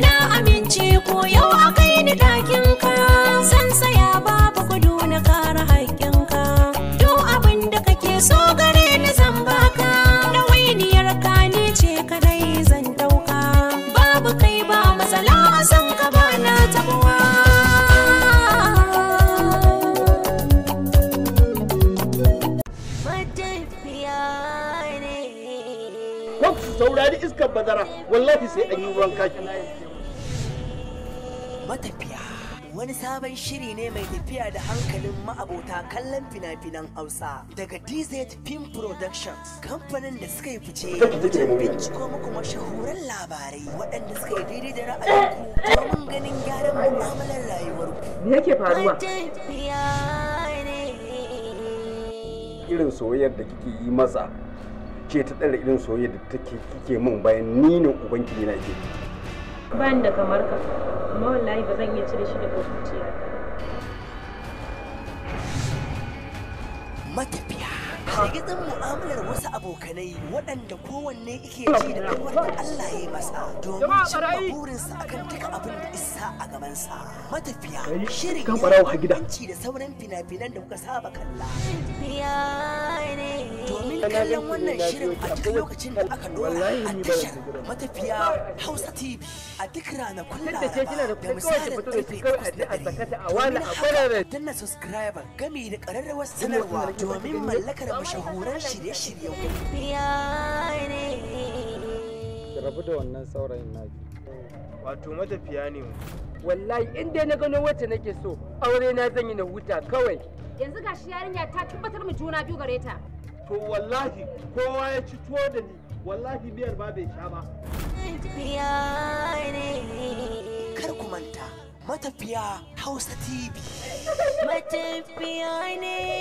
na amince ko yau a kai ni ɗakin ka san saya babu gudu na kara haƙƙin ka duk abin da kake so gare ni zan baka ɗawainiyar ka ni ce kadai zan ɗauka babu kai ba matsala a san ka ba na tabuwa saurari iskar bazara wallafi sai an yi ruwan kaki matafiya wani sabon shiri ne mai tafiya da hankalin ma'abota kallon fina-finan hausa daga dz film productions kamfanin da suka yi fice wajen binciko muku mashahuran labarai waɗanda suka yi daidai da ra'ayinku domin ganin gyaran mu'amalar rayuwarku me yake faruwa irin soyayyar da kike yi masa ce ta tsare irin soyayyar da take kike min bayan ni ne ubangiji na ke ba ni da kamar ka amma wallahi ba zan iya cire shi daga zuciya matafiya shigizin mu'amalar wasu abokanai waɗanda kowanne ike ci da kamar da Allah ya masa domin cimma burinsa akan duka abin da isa a gabansa matafiya shirin yi yanci da sauran fina-finan da kuka saba kalla domin kallon wannan shirin a duk lokacin da aka dora a tashar matafiya hausa tv a duk ranakun laraba da misalin karfe takwas na dare domin haka danna subscriber gami da ƙararrawar sanarwa domin mallakar mashahuran shirye-shiryen rabu da wannan saurayin naki wato matafiya ne wallahi in dai na gano wacce nake so aure na zan yi na huta kawai yanzu gashi yarinya ta tabbatar mu juna biyu gare ta to wallahi kowa ya ci tuwo da ni wallahi biyar ba bai sha ba matafiya hausa tv matafiya ne